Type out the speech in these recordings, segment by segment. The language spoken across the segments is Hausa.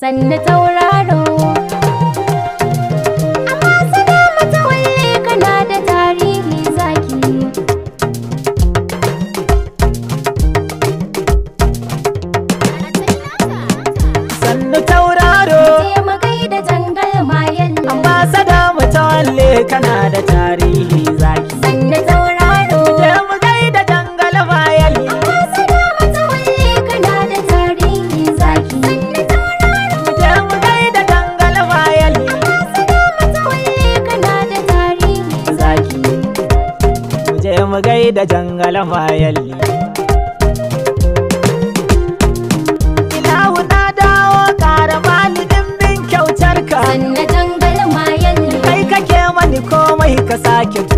sanda tauraro ni da jangalan bayalli ilahu na dawo kara bani dimbin kyautar ka sanna jangalan bayalli kai kake mani komai ka sake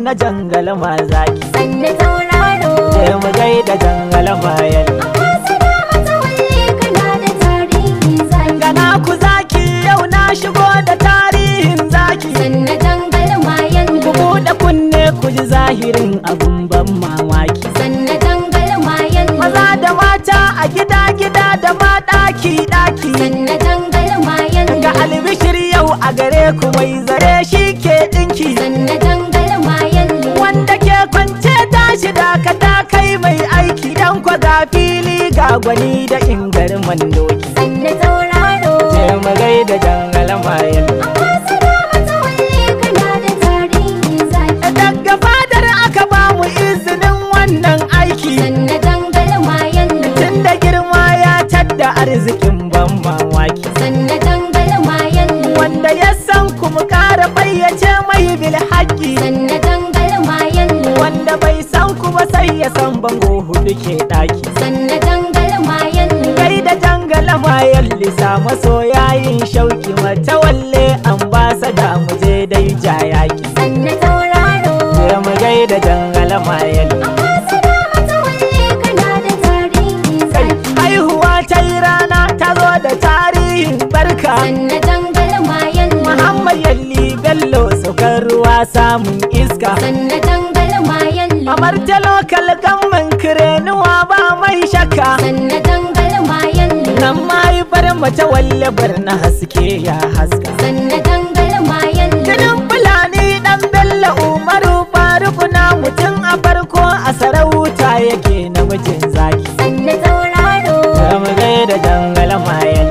na jangal ma zaki sanna tauraro sai mu gaida jangal ma yali Gana ku zaki yau na shigo da tarihin zaki sanna jangal ma yali ku buɗe kunne ku ji zahirin abun ban mamaki sanna jangal ma yali maza da mata a gida gida da mata gwani da ingar doki. Sannan tauraro. Je mu gaida jan alamayan. da aka bamu izinin wannan aiki. Sannan jan da girma ya arzikin Sannan Wanda bayyace mai bilhaki. Wanda bai san kuma sai ya san bango hudu ke ɗaki. bisa maso yayin shauki matawalle ambasada mu je dai ja yaki sanna tauraro ya mu gaida jangal da mata walle kana da tarihi sarki haihuwa ta rana ta zo da tarihin barka sanna jangal mayali. muhammad yalli bello saukar ruwa samun iska sanna jangal mayali. amar lokal kalgan kirenuwa ba mai shakka sanna sannan mai bar mace walle bar na haske ya haska sannan dangal mayan tunan fulani dan bello umaru faruku na mutum a farko a sarauta yake namijin zaki sannan sauraro da mu da dangal mayan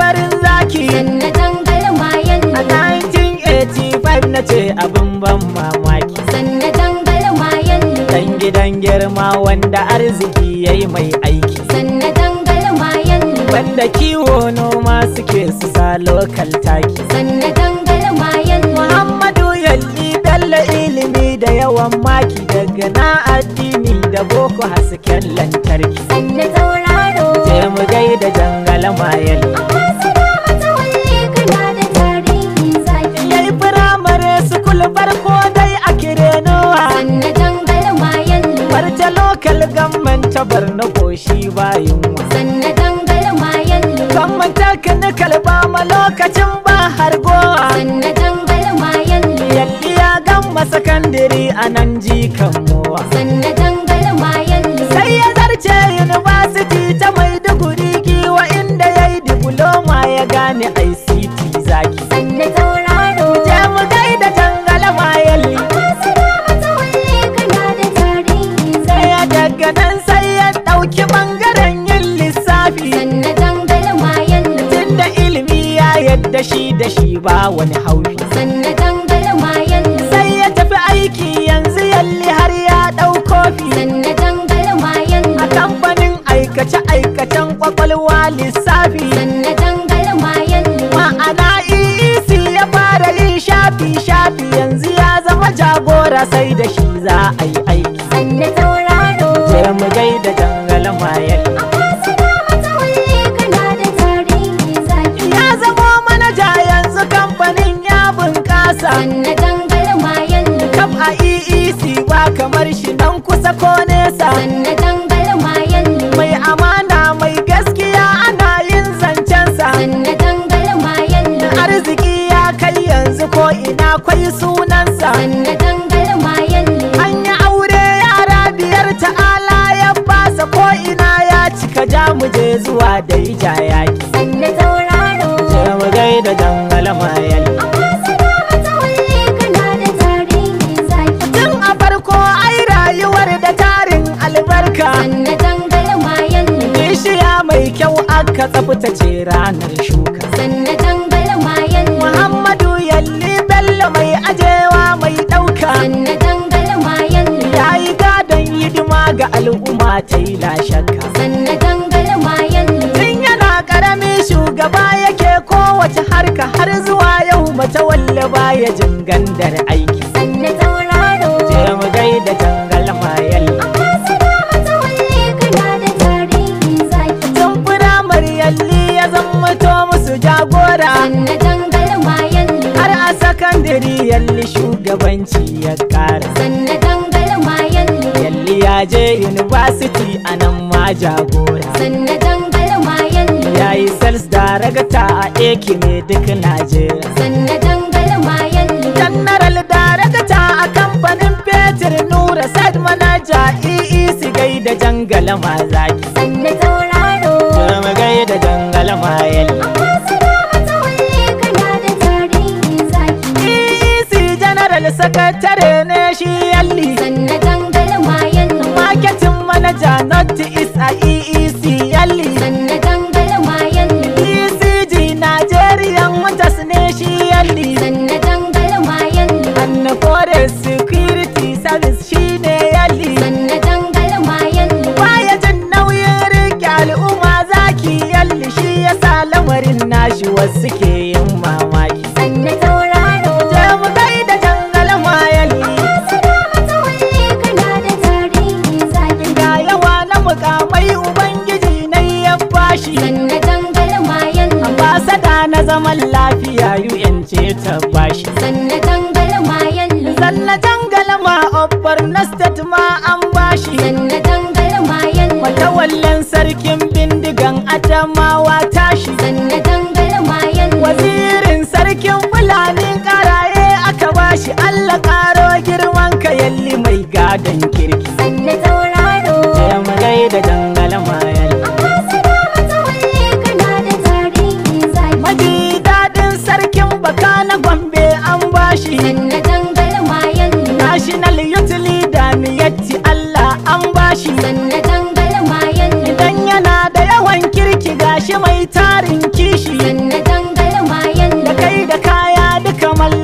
farin zaki. Sannan dangal mayan. A 1985 na ce a arziki yayi mai aiki sannan dangal mayan wanda kiwo noma suke su sa lokal taki sannan dangal mayan muhammadu yalli dalla ilimi da yawan maki daga na addini da boko hasken lantarki sannan sauraro sai mu gaida jangal mayan kabar na koshi bayan wa sannan dangar mayan lu kan manta kan kalba ma lokaci da shi ba wani haufi sannan dangare ma yalli sai ya tafi aiki yanzu yalli har ya dau kofi sannan dangare ma yalli a kamfanin aikace aikacen kwakwalwa lissafi sannan dangare ma yalli ma'ana EEC ya fara yin shafi shafi yanzu ya zama jagora sai da shi za a yi yalla na jangalma yalla kaf EEC ba kamar shi dan kusa ko nesa na jangalma yalla mai amana mai gaskiya ana yin zancensa na jangalma yalla arziki ya kai yanzu ko ina kwai sunansa na jangalma yalla an yi aure yara biyar ta'ala ya basa ko ina ya cika je zuwa da ija yaki ka tsabtace ranar shuka sannan jangal mayan muhammadu yalli bello mai ajewa mai ɗauka. sannan jangal mayan yayi gadon hidima ga al'umma ta yi lashaka sannan jangal mayan tun yana karami shugaba yake kowace harka har zuwa yau mata wallaba ya jingandar shugabanci ya ƙara sannan dangal ma yalli yalli ya je university a nan ma jagora sannan dangal ma yalli ya yi sales da ragata a eke mai duk najeriya sannan dangal ma yalli general da ragata a kamfanin petir nura site manager si e e gai da ma zaki sannan tauraro gai da jangala yalli sakatare ne shi yalli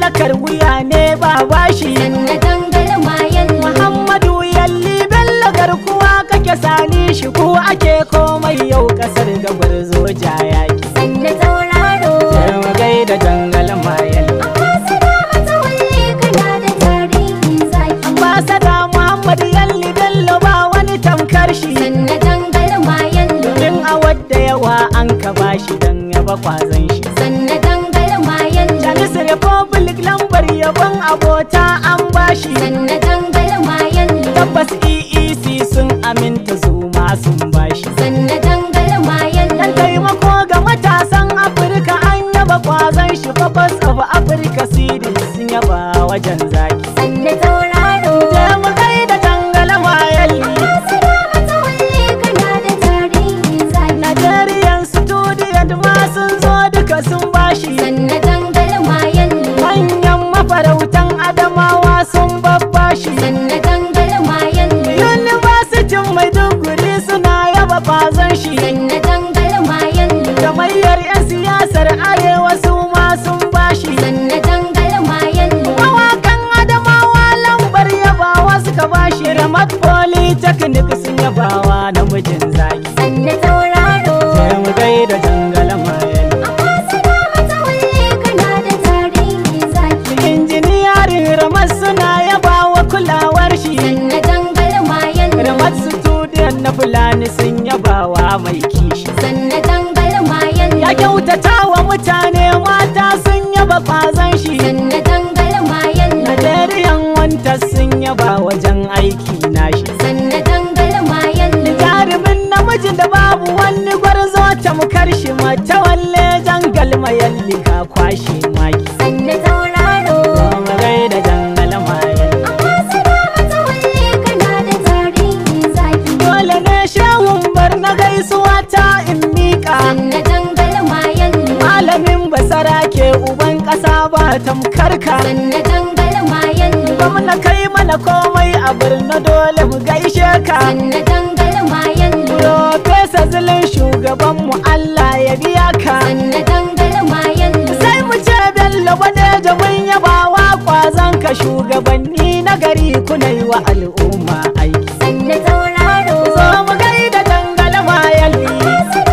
mallakar wuya ne ba bashi Muhammadu yalli bello garkuwa kake sani shi ku ake komai yau kasar gabar zo jayaki Sannan sauraro Jarmagai da jangal mayal Ambasada Muhammadu yalli bello ba wani tamkar shi Sannan jangal mayal Domin a wadda yawa anka ka bashi dan ya ba kwaza abota an bashi sannatan galma ne tabbas EEC sun aminta zuma sun bashi sannatan galma yalli dan taimako ga matasan Afirka an yaba kwazon shi fa of Africa series sun yaba wajen zaki tamkar shi ta walle jangal mayalli ka kwashe maki sanne tauraro gai da jangal mayalli amma ma mata walle kana da tarihi zaki dole ne shawun bar na gaisuwa ta in miƙa sanne jangal mayalli malamin basara ke uban ƙasa ba tamkar ka sanne jangal mayalli ba mu kai mana komai a birni dole mu gaishe ka sanne jangal mayalli biya sai mu ce bello da mun yabawa kwazon ka shugabanni na gari kuna yi wa al'umma aiki sanna tauraro zo mu gaida dangalma yanzu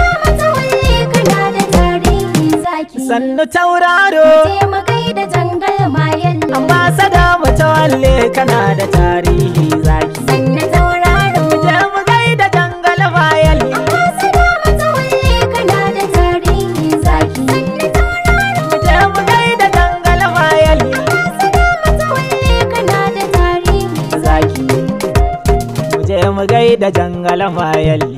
sannu tauraro mu gaida dangalma kana da tarihi da jangala mayal